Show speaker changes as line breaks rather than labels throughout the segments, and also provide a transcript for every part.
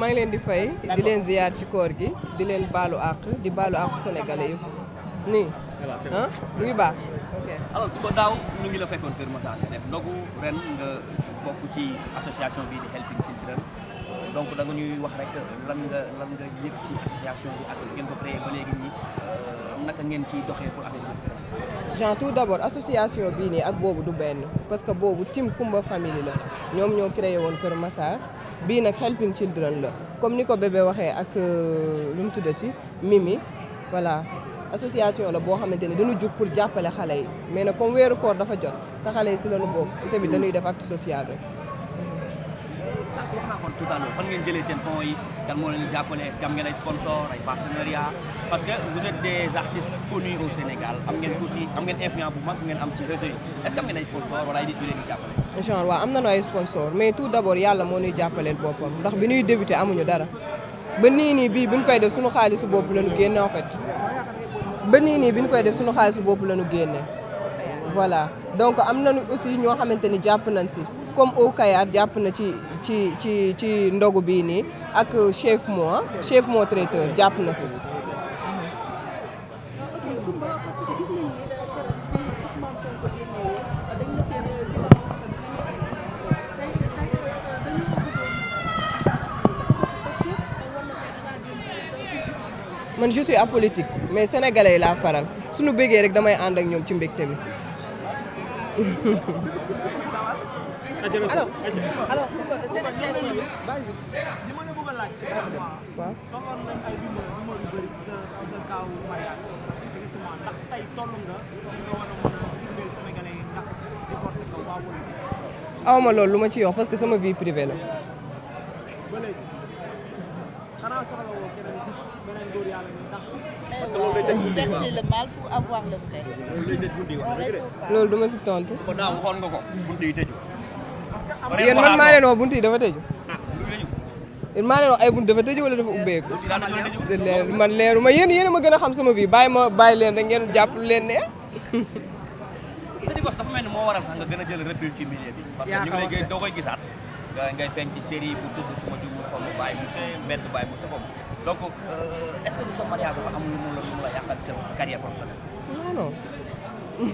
maa ngi leen di fay di leen ziyaar ci koor gi di leen baalu àq di baalu àq sénégalais yëpp nii ah lu ngi baax
ok la fekkoon Kër Massar def bokk ci association bii donc da ñuy wax rek lan nga lan nga yëg ci association bi ak ngeen ko créé ba léegi nii euh, naka ngeen ciy doxee pour affaire bi.
Jean tout d'abord association bii nii ak boobu du benn parce que boobu Tim Kumba famille la ñoom ñoo créé woon Kër Massar bii nag Helping Children la comme ni ko bébé waxee ak euh, lu mu tudda ci Mimi voilà. association la boo xamante ne dañu jug pour jàppale xale yi mais nag comme weeru koor dafa jot te xale yi si lañu bokk itamit dañuy def acte social rek
tout à l'heure fan ngeen jëlee seen fonds yi kan am ngeen ay sponsor ay partenariat parce que vous am ngeen tuuti am ngeen am ci réseau yi
est mais tout d'abord yàlla moo ñuy jàppaleel boppam ndax bi ñuy débuté amuñu dara ba nii nii bii bi ñu koy def suñu xaalis bopp lañu génne en fait ba nii nii bi nu koy def suñu xaalisu bopp lañu génne voilà donc am nañu aussi ñoo xamante ni jàpp nañ si comme au Kayar jàpp na ci ci ci ci ndogu bii nii ak chef moo chef moo traiteur jàpp na si. man je suis mais sénégalais yi laa faral suñu bëggee rek damay ànd ak ñoom ci mbégte mi
alors a laaj.
waaw loolu ma ci wax parce que sama vie privée la. yéen man maa leen woo buntu yi dafa tëju. Ah, yéen maa leen woo ay buntu dafa tëju wala dafa ubbeeku. leer man leeru ma yéen yéen a ma gën a xam sama vie bàyyi ma bàyyi leen rek ngeen jàpp leen ne.
Sénégal dafa mel ni moo waral sax nga gën a jël recul ci milieu bi. parce que ñu ngi lay doo koy gisaat. ngay feeñ ci série bu tudd suma jugul xaw ma bàyyi monsieur mbedd bàyyi monsieur Bob donc euh, est ce que du sa mariage ba amul lu mu la lu mu la yàqal sa carrière professionnelle.
non non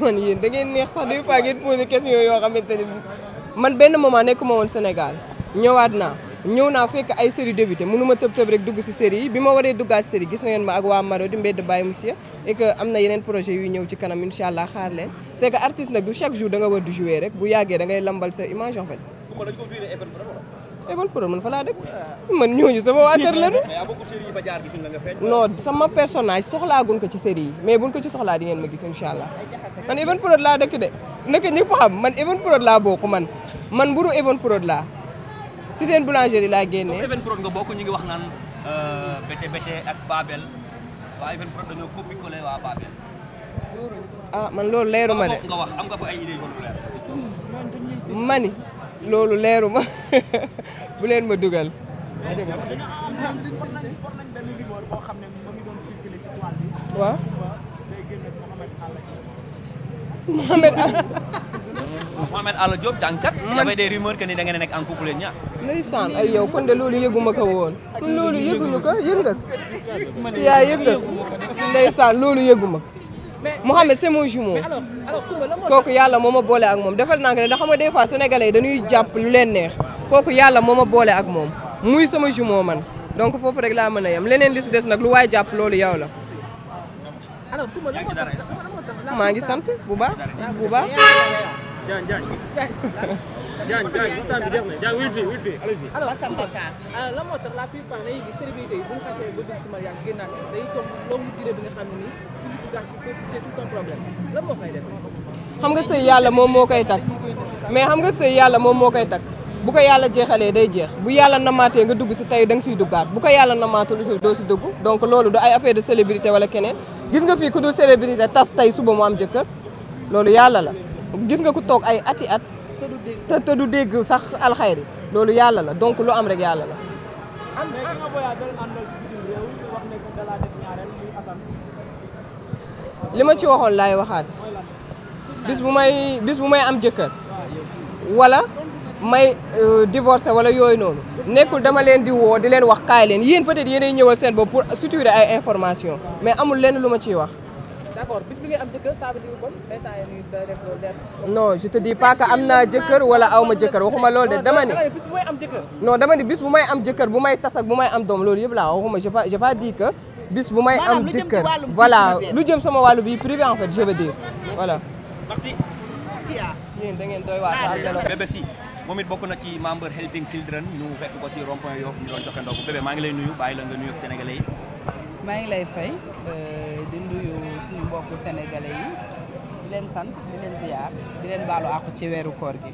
man yéen da ngeen neex sax des fois ngeen posé question yoo xamante ne man benn moment nekkuma woon Sénégal ñëwaat naa ñëw naa fekk ay série débuté mënu ma tëb tëb rek dugg si série yi bi ma waree duggaat série gis ngeen ma ak waa Marodi Mbedd Baye Monsieur et que am na yeneen projet yuy ñëw ci kanam incha allah xaar leen c' est que artiste nag du chaque jour da nga war di jouer rek bu yàggee da ngay lambal sa image en fait. Evol Pro man fa laa dëkk man ñooñu sama waa kër lañu. non sama personnage soxlaaguñ ko ci série yi mais buñ ko ci soxlaa di ngeen ma gis incha allah naka ñëpp xam man Even Prod laa bokk man man mburu Even Prod laa si seen boulangerie laa génnee. comme
Even Prod nga bokk ñu ngi wax naan euh, bété bété ak Babel
ah, man loolu leeru ma de. am nga fa ay idée mani loolu leeru ma bu ma dugal.
waaw.
Mohamed Alla. Mohamed Alla Diop jàngkat. man dafay des rumeurs que ni da ngeen a nekk en couple ñaar.
ndeysaan ay yow kon de loolu yëguma ko woon. kon loolu yëguñu ko yëg nga. yaa yëg nga ndeysaan loolu yëguma ko.
Mohamed c'est mon jumeau kooku yàlla moo ma boole ak
moom defal naa ko ne da xam nga des fois dañuy jàpp lu leen neex kooku yàlla moo ma boole ak moom muy sama jumeau man donc foofu rek laa mën a yem leneen li si des nag lu waay jàpp loolu yow la. maa ngi sant bu baax bu baax. Diagne Diagne. Diagne Diagne
waxtaan euh, bi
la plupart dañuy gis célébrité yi bi nga xam ne nii pour ñu duggaat moo
koy nga sëy yàlla moom moo
koy takk mais xam nga sëy yàlla moom moo koy takk bu ko yàlla jeexalee day jeex bu yàlla namaatee nga dugg si tey da nga siy duggaat bu ko yàlla namaatul doo si dugg donc loolu du ay affaire de célébrité wala keneen. gis nga fii ku dul célébrité tas tey suba mu am jëkkër loolu yàlla la gis nga ku toog ay ati at te du dégg sax alxayri loolu yàlla la donc lu am rek yàlla la li ma ci waxoon laay waxaat bis bu may bis bu may am jëkkër walla may euh, divorcé wala yooyu noonu nekkul dama leen di woo di leen wax kaay leen yéen peut-être yéenay ñëwal seen bopp pour suturer ay information mais amul leen lu ma ciy wax. d'accord bis bi nga am jëkkër te dis pas que am naa jëkkër wala aw ma jëkkër waxuma loolu de dama ni. bis am jëkkër. non dama bis bu may am jëkkër bu may tas ak may am doom loolu yëpp laa waxuma j'ai pas j'ai pas dit que. bis bu may am jëkkër voilà lu jëm sama wàllu vie privée en fait je veux dire voilà. merci. yéen da ngeen
doy waar. moom it bokk na ci membre Helping Children ñu fekk ko ci rond-point Yoff ñu doon joxe ndogu bébé maa ngi lay nuyu bàyyi la nga nuyu ak yi.
maa ngi lay fay euh, di nuyu suñu mbokku sénégalais yi di leen sant di leen ziar di leen baalu àqu ci weeru koor gi.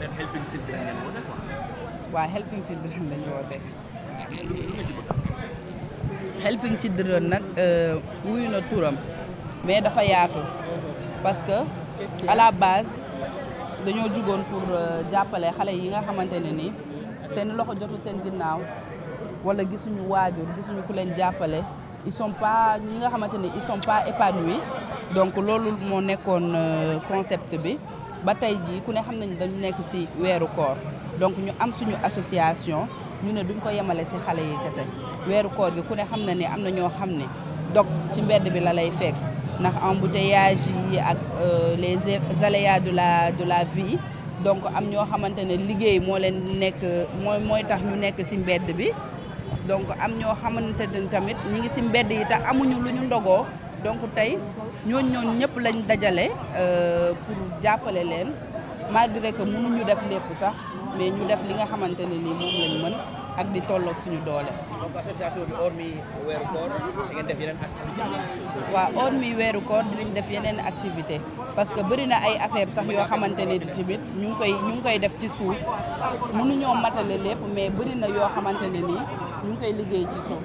ren Helping Children ngeen woote quoi. lañu woote. Helping Children nag euh, wuyu na turam mais dafa yaatu parce que à la base. dañoo jugoon pour euh, jàppale xale yi nga xamante ne nii seen loxo jotul seen ginnaaw wala gisuñu waajur gisuñu ku leen jàppale ils ñi nga xamante ne ils sont pas donc loolu moo nekkoon euh, concept bi ba tey jii ku ne xam nañ dañu nekk si weeru koor donc ñu am suñu association ñu ne duñ ko yemale si xale yi kese weeru koor gi ku ne xam na ni am na ñoo xam ne dog ci mbedd bi la lay fekk ndax embouteillage yi ak euh, les aléas de la de la vie donc am ñoo xamante ne liggéey moo leen nekk mooy mooy tax ñu nekk si mbedd bi donc am ñoo xamante tamit ñi ngi si mbedd yi tax amuñu lu ñu ndogoo donc tey ñooñ ñooñ ñëpp lañ dajale euh, pour jàppale leen malgré que ñu def lépp sax mais ñu def li nga xamante ne nii moom lañ mën ak di tolloog suñu doole.
donc association bi hormis weeru koor di ngeen
def yeneen activité. parce que bëri na ay affaire sax yoo xamante ne tamit ñu ngi koy ñu ngi koy def ci suuf mënuñoo matale lépp mais bëri na yoo xamante ne
nii ñu ngi koy liggéey ci suuf.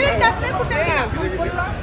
jërëjëf